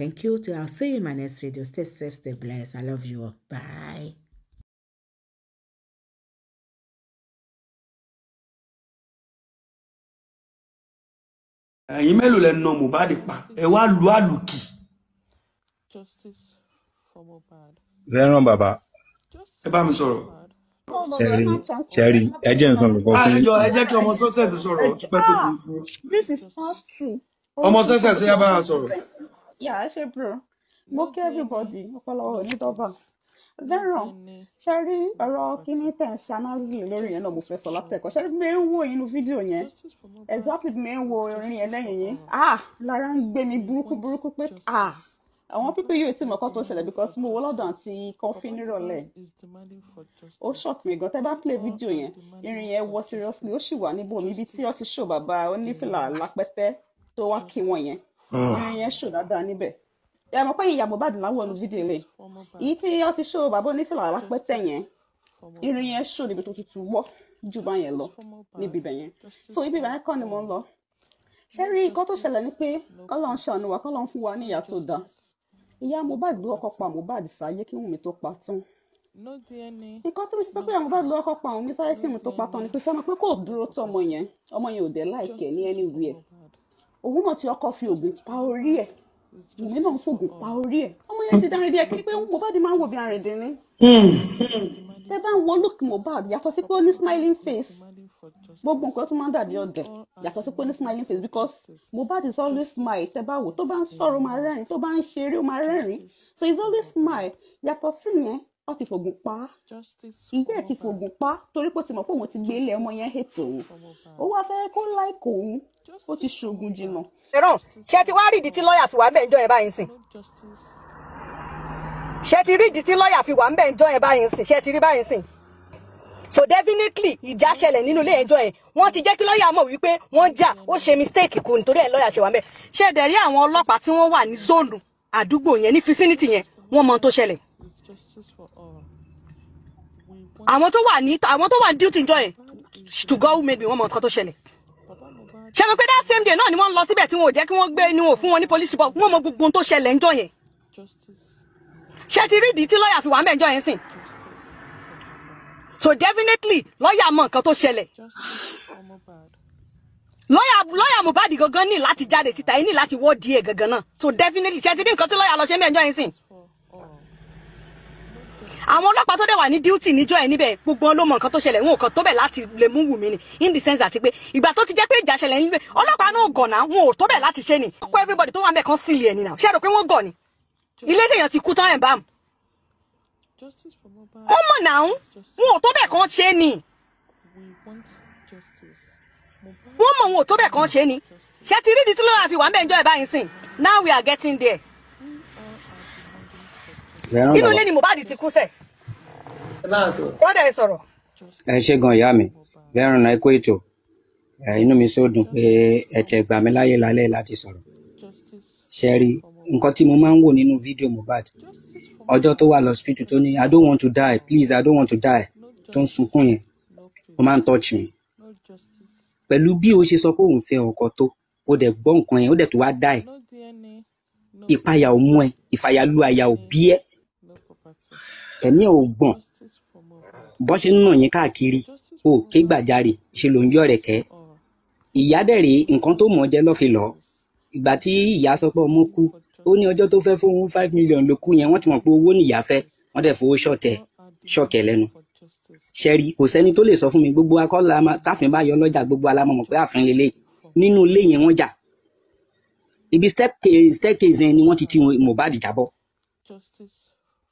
Thank you. Till I'll see you in my next video. Stay safe, stay blessed. I love you all. Bye. ẹ̀yin mélòó lẹ nà Mohbad pa ẹ wá lu àlùkì. justice for Mohbad. lẹ́ràn bàbá. ẹ bá mi sọ̀rọ̀. Sẹ́rí Sẹ́rí ẹ jẹ́ nsọ nǹkan fún mi. Ẹ jẹ́ kí ọmọ success sọ̀rọ̀ pẹ́ tó ti. Ah, this is false true. ọmọ success ó yá bá a sọ̀rọ̀ yeah, I say bro mo kí everybody ọpọlọwọ onítọba veron ṣe rí ọ̀rọ̀ kíní ten ṣe analysis lórí yẹn náà mo fẹ́ sọ látẹ̀kọ́ ṣe rí mi ń wo inú video yẹn exactly me ń wo orin yẹn lẹ́yìn yẹn ah lára ń gbé mi burúkú burúkú pé ah I want people you to make tó ṣẹlẹ̀ because mo wọ́ lọ́dọ̀ àti kọfí nírọ̀lẹ́ Oh, shock me. gan tẹ́ play video yẹn irin yẹn wọ seriously ó sì wà níbo mi ibi tí ó ti show bàbá onífìlà lápẹ́tẹ́ tó wá kí wọ́n yẹn Ah. ẹyẹn ṣò dáadáa níbẹ̀ ẹ mọ̀ pé ìyá Mohbad láwọn olùdíje lè èyí tí wọ́n ti ṣó bàbá onífìlà alápẹ́tẹ̀ yẹn irun yẹn ṣò níbi tó tutù wọ́ jù bá yẹn lọ níbi ibẹ̀ yẹn so ibi ibẹ̀ yẹn kọ́ ni mo ń lọ ṣé rí nǹkan tó ṣẹlẹ̀ ni pé kọ́lọ́n ṣàánú wa kọ́lọ́n fún wa ní ìyá tó dáa ìyá Mohbad ló ọkọ pa Mohbad sáyé kí Wùnmí tó pa tán nǹkan tó ń ṣe sọ pé àwọn bá lọ ọkọ pa òun ní sáyẹ́sì mi tó pa tán ni pé sọmọ pé kò dúró tọmọ yẹn ọmọ yẹn ò dé láìkẹ́ ní anywhere òun náà ti ọkọ fi oògùn pa orí ẹ̀ èmi náà fògùn pa orí ẹ̀ ọmọ yẹn ti dárin díẹ̀ kí pé Mohbad máa ń wo bí arìndínrín tẹ bá ń wo look Mohbad yàtọ̀ sí pé ó ní smiling face gbogbo nǹkan tó máa ń dàbí ọ̀dẹ̀ yàtọ̀ sí pé ó ní smiling face because Mohbad is always smile tẹ bá wò tó bá ń sọ̀rọ̀ ó máa rẹ́rìn tó bá ń ṣeré ó máa rẹ́rìn so he is always smile yàtọ̀ sí yẹn wọ́n ti fògùn pa á ìyá ẹ̀ ti fògùn pa á torí pé ó ti mọ̀ pé òun ti gbé ilé ọmọ yẹn ètò òun ó wá fẹ́ kó láìkò òun ó ti ṣògùn jìnnà. ẹ̀rọ ṣé ti wá rí ìdí tí lọ́ọ̀yà fi wà ń bẹ̀ ń jọ yẹn báyìí sìn ṣé ti rí ìdí tí lọ́ọ̀yà fi wà ń bẹ̀ ń jọ yẹn báyìí sìn ṣé ti rí báyìí sìn so definitely ìjà ṣẹlẹ̀ nínú ilé ẹjọ́ yẹn wọ́n ti jẹ́ kí lọ́ọ̀yà mọ̀ wípé wọ́n jà ó ṣe mistake kù nítorí ẹ̀ lọ́ọ̀yà ṣe wà ń bẹ̀ ṣé ẹ̀dẹ̀ rí àwọn ọlọ́pàá tí wọ́n wà ní justice for all. àwọn tó wà ní àwọn tó wà ní duty njọ yẹn to go maybe wọ́n mọ nǹkan tó ṣẹlẹ̀ ṣe mo pé that same day náà ni wọ́n lọ síbẹ̀ tí wọn ò jẹ́ kí wọ́n gbé ni wọn fún wọn ní police report wọ́n mọ gbogbo ohun tó ṣẹlẹ̀ njọ yẹn ṣe ti rí ìdí tí lọ́ọ̀yà fi wà ń bẹ̀ njọ yẹn sìn so definitely lọ́ọ̀yà mọ nǹkan tó ṣẹlẹ̀ lọ́yà lọ́yà Mohbad gangan ní láti jáde síta ẹ ní láti wọ́ọ̀dì ẹ̀ gangan náà so definitely ṣe ti dín nǹkan tí lọ́yà lọ ṣe mẹ́jọ yín sìn àwọn ọlọ́pàá tó dẹ̀ wà ní díútì níjọ́ ẹ̀ níbẹ̀ gbogbo wọn ló mọ nǹkan tó ṣẹlẹ̀ wọn ò kàn tó bẹ̀ láti lè mú wù mí ni in the sense àti pé ìgbà tó ti jẹ́ pé ìjà ṣẹlẹ̀ níbẹ̀ ọlọ́pàá náà gọ̀nà wọn ò tó bẹ̀ láti ṣe ni kókó everybody tó wà mẹ́ẹ̀kan sí ilé ẹni náà ṣé rò pé wọ́n gọ̀ ni ilé tèèyàn ti kú tán ẹ̀ bá mu. wọ́n mọ̀ náà wọn ò tó bẹ̀ kàn ṣe ni wọ́n mọ̀ wọn ò tó bẹ̀ kàn ṣe ni ṣé ti rí di tí ló wà fi wà ń bẹ̀ ń jọ ẹ̀ báyìí sìn now we are getting there inú ilé ni Mohbad ti kú sẹ̀ brọ́dà ẹ sọ̀rọ̀. ẹ ṣe gan ìyá mi Verona ẹ kó ètò inú mi sọ dùn pé ẹ̀tẹ̀ gbà mí láyè lálẹ́ láti sọ̀rọ̀ ṣe rí nǹkan tí mo máa ń wò nínú fídíò Mohbad ọjọ́ tó wà lọ́sípítù tó ní I don't want to die please I don't want to die tó ń sunkún yẹn ó máa ń touch me. pẹ̀lú bí o ṣe sọ pé òun fẹ́ ọkọ tó o dẹ̀ gbọ́ nǹkan yẹn o dẹ̀ tó wá dá ẹ̀ ìpayà ò mú ẹ ìfàyàlú àyà ò bí ẹ ẹ̀mí ò gbọ̀n bọ́n ṣe ń nà yín káàkiri ò ké gbàjarè ṣe ló ń yọ rẹ̀ kẹ́ ìyá dẹ̀rẹ̀ nǹkan tó mọ̀ jẹ́ lọ́fi ìgbà tí ìyá sọ pé ọmọ kú ó ní ọjọ́ tó fẹ́ fóun five million ló kú yẹn wọ́n ti mọ̀ pé owó nìyá fẹ́ wọ́n dẹ̀ fowó ṣọ̀tẹ̀ ṣọ̀kẹ̀ lẹ́nu ṣẹ́rí kò sẹ́ni tó lè sọ fún mi gbogbo akọ́lá táfin bá yọ lọ́jà gbogbo alámọ̀ pé àfin lélẹ̀ nínú ilé yẹn wọ́n jà ibi staircase yẹn ni wọ́n ti ti Mohbad jábọ́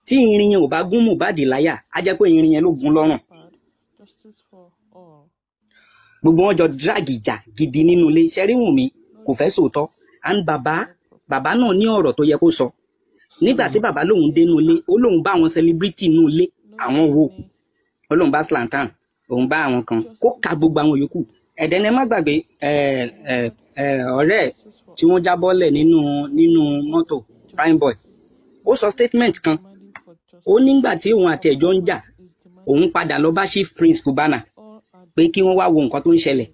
tí irin yẹn ò bá gún Mohbad láyà á jẹ́ pé irin yẹn ló gún lọ́rùn. gbogbo wọn jọ drag ìjà gidi nínú ilé ṣẹ́rí Wùnmí kò fẹ́ sòótọ́ and bàbá bàbá náà ní ọ̀rọ̀ tó yẹ kó sọ nígbà tí bàbá lòun dé nulẹ̀ ó lòun bá àwọn celebrity nulẹ̀ àwọn wo ó lòun bá slantan òun bá àwọn kan kó ka gbogbo àwọn yòókù ẹ̀dẹ́nẹ́ má gbàgbé ọ̀rẹ́ ẹ̀ tí wọ́n jábọ́lẹ̀ nínú nínú mọ́tò prime boy ó sọ statement kan ó nígbà tí òun àti ẹ̀jọ́ ń jà òun padà lọ bá chief prince Cubana pé kí wọ́n wá wo nǹkan tó ń ṣẹlẹ̀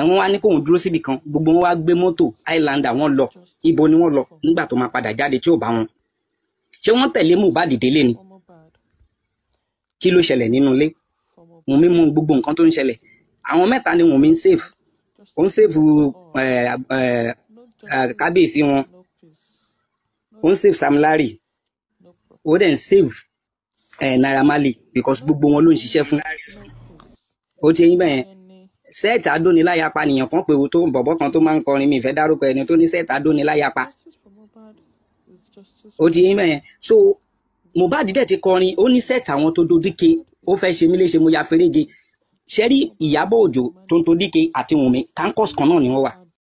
àwọn wa ní kóun dúró síbi kan gbogbo wọn wá gbé mọ́tò Highlander wọn lọ ibo ni wọ́n lọ nígbà tó máa padà jáde tí ò bá wọn ṣé wọ́n tẹ̀lé Mohbad délé ni kí ló ṣẹlẹ̀ nínú ilé Wùnmí mú gbogbo nǹkan tó ń ṣẹlẹ̀ àwọn mẹ́ta ni Wùnmí ń save ó ń save eh, eh, eh, kábíyèsí wọn ó ń save Sam ó dẹ̀ ń save eh, Naira Marley because gbogbo wọn ló ń ṣiṣẹ́ fún ó ti yín bẹ́ẹ̀ Seth Adóniláyapa nìyẹn kan pé o tó bọ̀bọ̀ kan tó máa ń kọrin mi ìfẹ́ dárúkọ ẹni tó ní Seth Adóniláyapa ó ti yín bẹ́ẹ̀ so Mohbad dẹ̀ ti kọrin ó ní Seth àwọn tó do Dike ó fẹ́ ṣe mí léṣe mo ya ferege ṣẹ́rí Ìyábọ̀ Òjó Tonto Dike àti Wùnmí kankos kan náà ni wọ́n wà